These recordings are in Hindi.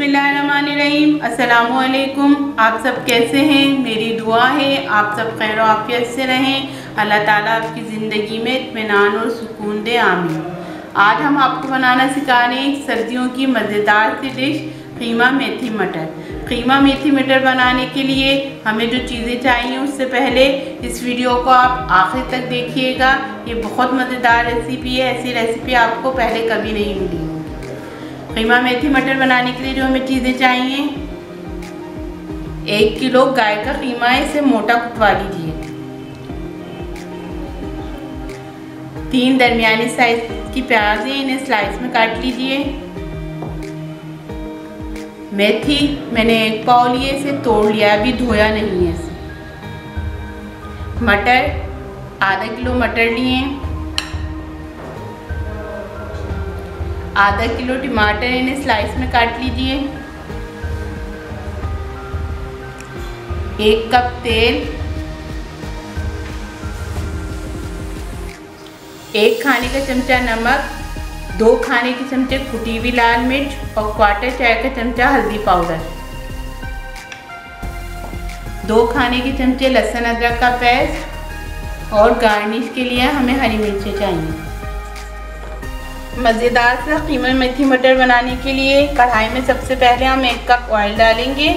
बसमीम अलकुम आप सब कैसे हैं मेरी दुआ है आप सब खैर आफियत से रहें अल्लाह ताला आपकी ज़िंदगी में इतमान और सुकून दे आमिर आज हम आपको बनाना सिखा रहे हैं सर्दियों की मज़ेदार सी डिश ख़ीमा मेथी मटर ख़ीमा मेथी मटर बनाने के लिए हमें जो चीज़ें चाहिए उससे पहले इस वीडियो को आप आखिर तक देखिएगा ये बहुत मज़ेदार रेसिपी है ऐसी रेसिपी आपको पहले कभी नहीं मिली कीमा मेथी मटर बनाने के लिए जो हमें चीज़ें चाहिए एक किलो गाय का कीमा है इसे मोटा कुटवा लीजिए तीन दरमियानी साइज की प्याज है इन्हें स्लाइस में काट लीजिए मेथी मैंने एक पाव लिए इसे तोड़ लिया अभी धोया नहीं है इसे मटर आधा किलो मटर लिए आधा किलो टमाटर इन्हें स्लाइस में काट लीजिए एक कप तेल एक खाने का चमचा नमक दो खाने के चमचे कुटी हुई लाल मिर्च और क्वार्टर चाय का चमचा हल्दी पाउडर दो खाने के चमचे लहसुन अदरक का पेस्ट और गार्निश के लिए हमें हरी मिर्चें चाहिए मज़ेदार से कीमे मेथी मटर बनाने के लिए कढ़ाई में सबसे पहले हम एक कप ऑयल डालेंगे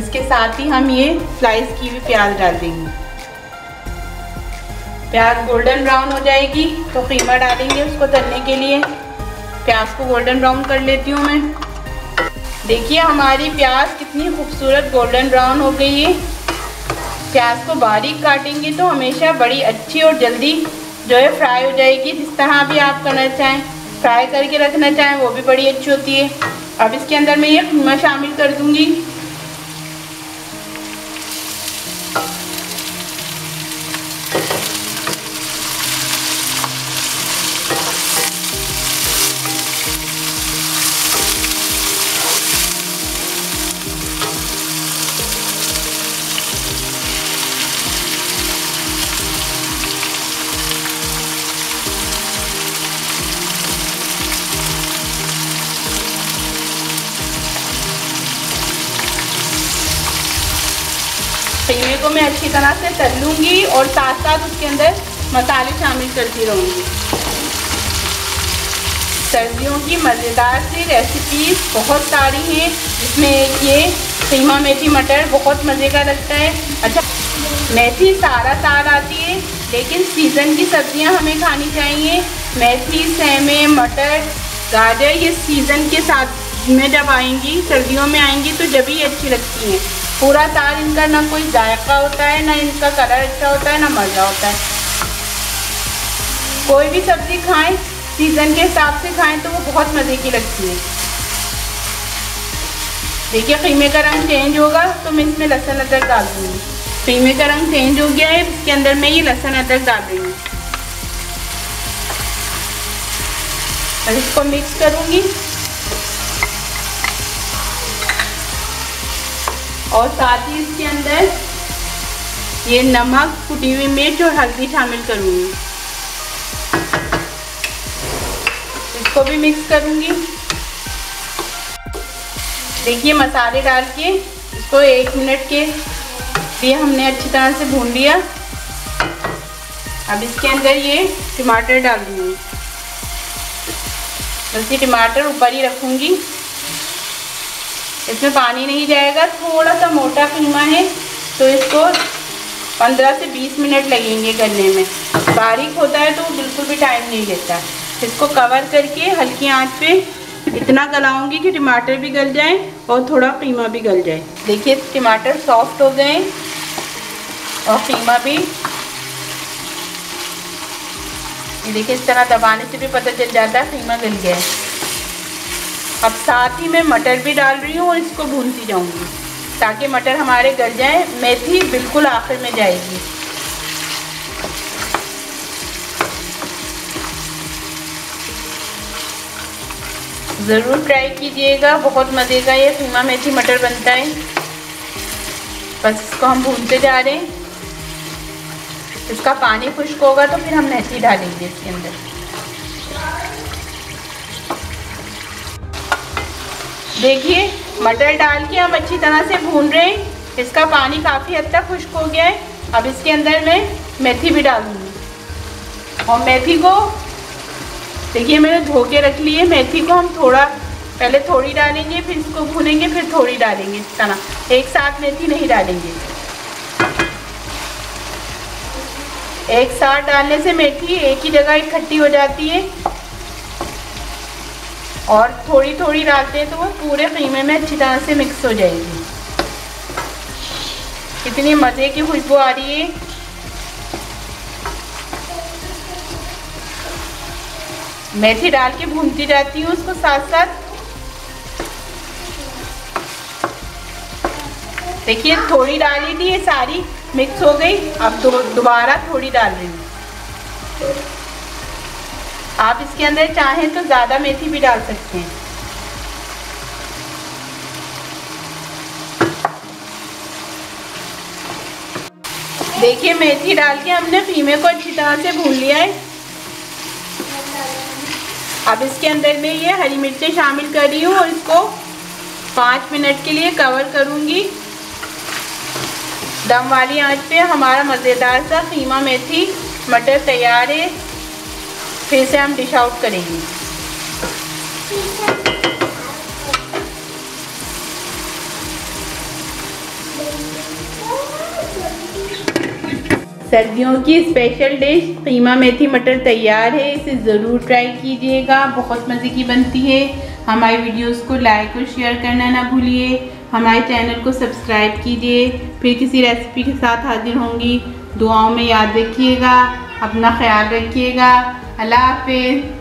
इसके साथ ही हम ये स्लाइस की हुई प्याज डाल देंगे प्याज गोल्डन ब्राउन हो जाएगी तो कीमा डालेंगे उसको तलने के लिए प्याज को गोल्डन ब्राउन कर लेती हूँ मैं देखिए हमारी प्याज कितनी खूबसूरत गोल्डन ब्राउन हो गई है प्याज को बारीक काटेंगे तो हमेशा बड़ी अच्छी और जल्दी जो है फ्राई हो जाएगी जिस तरह भी आप करना चाहें फ्राई करके रखना चाहें वो भी बड़ी अच्छी होती है अब इसके अंदर मैं ये कीमा शामिल कर दूँगी सेवे को तो मैं अच्छी तरह से तल लूँगी और साथ साथ उसके अंदर मसाले शामिल करती रहूँगी सर्दियों की मज़ेदार सी रेसिपीज़ बहुत सारी हैं जिसमें ये सीमा मेथी मटर बहुत मज़े का लगता है अच्छा मेथी सारा साल आती है लेकिन सीज़न की सब्ज़ियां हमें खानी चाहिए मेथी सेमे मटर गाजर ये सीज़न के साथ में जब आएंगी सर्दियों में आएंगी तो जब ही अच्छी लगती हैं पूरा तार इनका ना कोई जायका होता है ना इनका कलर अच्छा होता है ना मज़ा होता है कोई भी सब्ज़ी खाएं सीज़न के हिसाब से खाएं तो वो बहुत मज़े की लगती है देखिए खीमे का रंग चेंज होगा तो मैं इसमें लहसन अदरक डाल दूँगी खीमे का रंग चेंज हो गया है इसके अंदर मैं ये लहसन अदरक डाल दूँगी और इसको मिक्स करूँगी और साथ ही इसके अंदर ये नमक कुटी हुई मिर्च और हल्दी शामिल करूँगी इसको भी मिक्स करूँगी देखिए मसाले डाल के इसको एक मिनट के लिए हमने अच्छी तरह से भून लिया अब इसके अंदर ये टमाटर डाल दूँगी बस ये टमाटर ऊपर ही रखूँगी इसमें पानी नहीं जाएगा थोड़ा सा मोटा कीमा है तो इसको 15 से 20 मिनट लगेंगे गलने में बारीक होता है तो बिल्कुल भी टाइम नहीं लेता इसको कवर करके हल्की आंच पे इतना गलाऊंगी कि टमाटर भी गल जाए और थोड़ा कीमा भी गल जाए देखिए टमाटर सॉफ्ट हो गए और कीमा भी देखिए इस तरह दबाने से भी पता चल जाता है कीमा गल गया है अब साथ ही मैं मटर भी डाल रही हूँ और इसको भूनती जाऊँगी ताकि मटर हमारे गल जाए मेथी बिल्कुल आखिर में जाएगी ज़रूर ट्राई कीजिएगा बहुत मज़े का ये सीमा मेथी मटर बनता है बस इसको हम भूनते जा रहे हैं इसका पानी खुश्क होगा तो फिर हम मेथी डालेंगे इसके अंदर देखिए मटर डाल के हम अच्छी तरह से भून रहे हैं इसका पानी काफ़ी हद तक खुश्क हो गया है अब इसके अंदर मैं मेथी भी डालूँगी और मेथी को देखिए मैंने धो के रख ली है मेथी को हम थोड़ा पहले थोड़ी डालेंगे फिर इसको भूनेंगे फिर थोड़ी डालेंगे इस तरह एक साथ मेथी नहीं डालेंगे एक साथ डालने से मेथी एक ही जगह इकट्ठी हो जाती है और थोड़ी थोड़ी डालते हैं तो वो पूरे कीमे में अच्छी तरह से मिक्स हो जाएगी कितनी मज़े की खुशबू आ रही है मेथी डाल के भूनती जाती हूँ उसको साथ साथ देखिए थोड़ी डाली थी ये सारी मिक्स हो गई अब दोबारा थोड़ी डाल रही हूँ आप इसके अंदर चाहें तो ज़्यादा मेथी भी डाल सकते हैं देखिए मेथी डाल के हमने फीमे को अच्छी तरह से भून लिया है अब इसके अंदर में ये हरी मिर्चें शामिल कर रही हूँ और इसको पाँच मिनट के लिए कवर करूँगी दम वाली आंच पे हमारा मज़ेदार सा खीमा मेथी मटर तैयार है फिर से हम डिश आउट करेंगे सर्दियों की स्पेशल डिश कीमा मेथी मटर तैयार है इसे ज़रूर ट्राई कीजिएगा बहुत मज़े की बनती है हमारी वीडियोस को लाइक और शेयर करना ना भूलिए हमारे चैनल को सब्सक्राइब कीजिए फिर किसी रेसिपी के साथ हाजिर होंगी दुआओं में याद रखिएगा अपना ख्याल रखिएगा अल्लाह हाफिज़